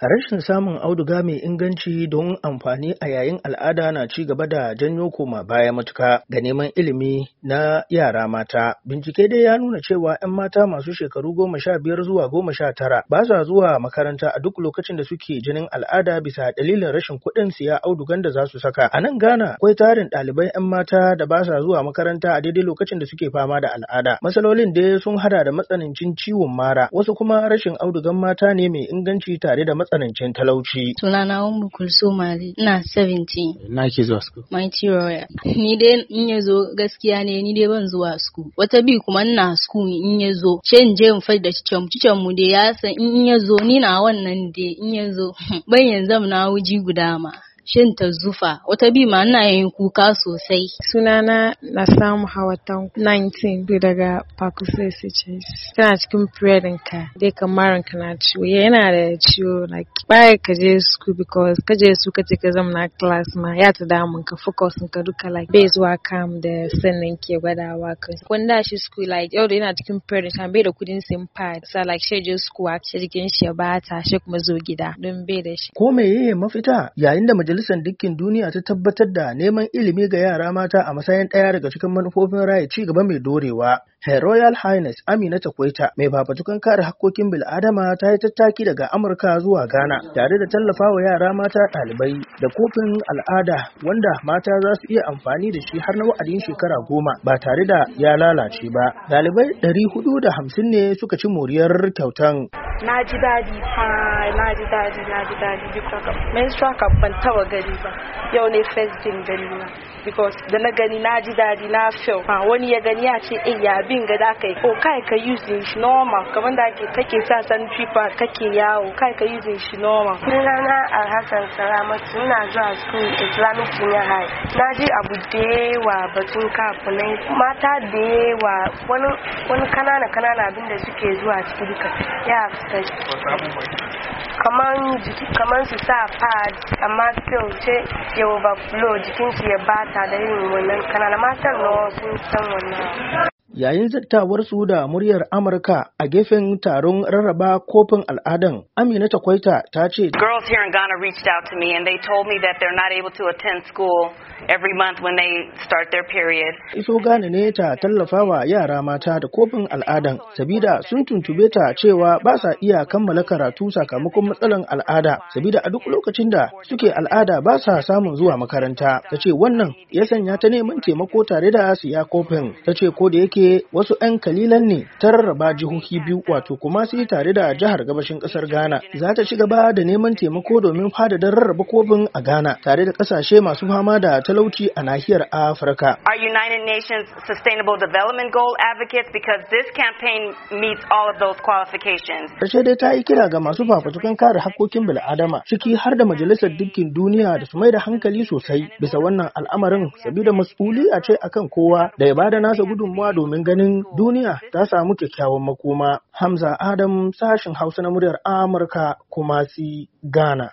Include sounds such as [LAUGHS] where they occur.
Rashin samun auduga mai inganci don amfani a yayin al'ada na ci gaba da janyo koma baya matuka ga neman ilimi na yara mata. Bincike dai ya nuna cewa 'yan mata masu shekaru goma sha biyar zuwa goma sha tara ba sa zuwa makaranta a duk lokacin da suke jinin al'ada bisa dalilin rashin kuɗin siya audugan da za su saka. A nan Ghana akwai tarin ɗaliban 'yan mata da ba sa zuwa makaranta a daidai lokacin da suke fama da al'ada. Matsalolin dai sun hada da matsanancin ciwon mara, wasu kuma rashin audugan mata ne mai inganci tare da matsanancin talauci. Sunana Ummu Kulsum Ali, ina 17. Na ke zuwa school? Mighty Royal. Ni dai in ya zo gaskiya ne ni dai ban zuwa school. Wata bi kuma ina school in ya zo. je in fai da cikin mu dai ya san in ya zo ni na wannan dai in ya zo. [LAUGHS] Ban yanzu na wuji guda ma. shan ta zufa wata bi ma ina yin kuka sosai sunana na samu hawatan 19 daga Pakuse City. tana cikin prayer ka dai kamar ka na ciwo yana da ciwo na baya ka je school because ka je su ka ce ka zama na class ma ya ta damun ka focus ka duka like bai zuwa kam da sannan ke gwadawa ka da shi suku like yau da yana cikin prayer ka bai da kudin sin pad sa like shi je school a shi jikin shi ya bata shi kuma zo gida don bai da shi ko meye mafita yayin da majalisar Majalisar Dukkin Duniya ta tabbatar da neman ilimi ga yara mata a matsayin ɗaya daga cikin manufofin raya ci gaba mai dorewa. Her Royal Highness Amina Takwaita mai fafatukan kare hakkokin bil'adama ta yi tattaki daga Amurka zuwa Ghana tare da tallafawa yara mata ɗalibai da kofin al'ada wanda mata za su iya amfani da shi har na wa'adin shekara goma ba tare da ya lalace ba. Ɗalibai ɗari hudu da hamsin ne suka ci moriyar kyautan. na ji daɗi fa na ji daɗi na ji daɗi men menstrual cup ban taba gani ba yau ne first din gani na because da na gani na ji daɗi na feel wani ya gani ya ce eh ya bin ga da kai ko oh, kai ka using shi normal kamar da ake take sa san tripa kake yawo kai ka using shi normal sunana alhassan salamatu a zuwa school islamic junior high na ji abu da yawa batun kafinai mata da yawa wani kanana kanana abin da suke zuwa cikin duka ya kai kamar su sa pad amma still ce ya overflow jikin ya bata da yin wannan kanana matar nawa sun san wannan yayin zattawarsu da muryar Amurka a gefen taron rarraba kofin al'adan. Amina Takwaita ta ce, Girls here in Ghana reached out to me and they told me that they're not able to attend school every month when they start their period. Iso Ghana ne ta tallafa wa yara mata da kofin al'adan, sabida sun tuntube ta cewa ba sa iya kammala karatu sakamakon matsalan al'ada, sabida a duk lokacin da suke al'ada ba sa samun zuwa makaranta. Ta ce wannan ya sanya ta neman taimako tare da siya kofin. Ta ce ko da yake dai wasu 'yan kalilan ne ta rarraba jihohi biyu wato kuma kumasi tare da jihar gabashin kasar ghana za ta ci gaba da neman taimako domin fadada rarraba kofin a ghana tare da kasashe masu fama da talauci a nahiyar afirka our united nations sustainable development goal advocates because this campaign meets all of those qualifications dai ta yi kira ga masu fafatukan kare hakkokin bil'adama ciki har da majalisar dukkin duniya da su mai da hankali sosai bisa wannan al'amarin sabida mas'uliya ce akan kowa da ya bada nasa gudunmawa domin domin ganin duniya ta samu kyakkyawan makoma. Hamza Adam Sashen Hausa na muryar Amurka kuma si Ghana.